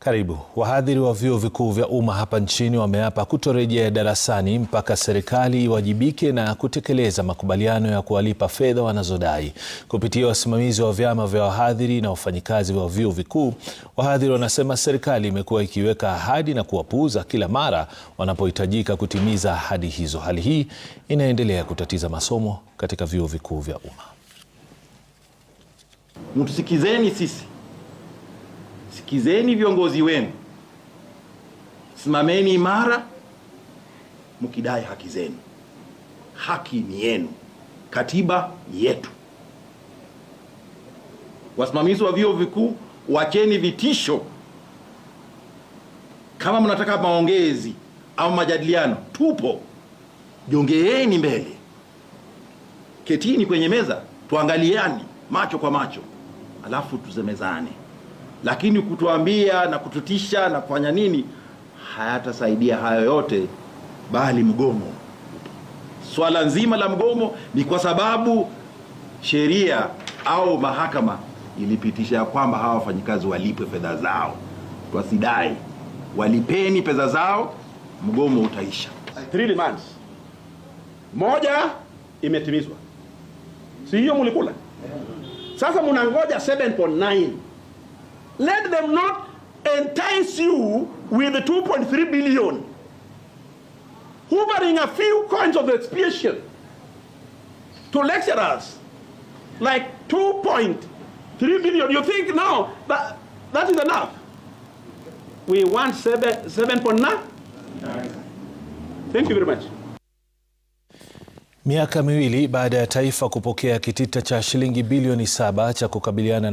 Karibu. Wahadhiri wa vyuo vikuu vya umma hapa nchini wameapa kutorejea darasani mpaka serikali iwajibike na kutekeleza makubaliano ya kuwalipa fedha wanazodai. Kupitia wasimamizi wa vyama vya wahadhiri na wafanyikazi wa vyuo vikuu, wahadhiri wanasema serikali imekuwa ikiweka ahadi na kuwapuuza kila mara wanapohitajika kutimiza ahadi hizo. Hali hii inaendelea kutatiza masomo katika vyuo vikuu vya umma. Mtusikizeni sisi Sikizeni viongozi wenu, simameni imara mkidai haki zenu. Haki ni yenu, katiba ni yetu. Wasimamizi wa vyuo vikuu, wacheni vitisho. Kama mnataka maongezi au majadiliano, tupo. Jongeeni mbele, ketini kwenye meza, tuangaliani macho kwa macho, alafu tusemezane lakini kutuambia na kututisha na kufanya nini hayatasaidia hayo yote, bali mgomo. Swala nzima la mgomo ni kwa sababu sheria au mahakama ilipitisha ya kwamba hawa wafanyikazi walipwe fedha zao, twasidai walipeni fedha zao, mgomo utaisha. moja imetimizwa, si hiyo mlikula? Sasa mnangoja 7.9 let them not entice you with the 2.3 billion, hovering a few coins of the expiation to lecturers, like 2.3 billion. You think now that that is enough? We want 7.9? Seven Thank you very much. Miaka miwili baada ya taifa kupokea kitita cha shilingi bilioni saba cha kukabiliana na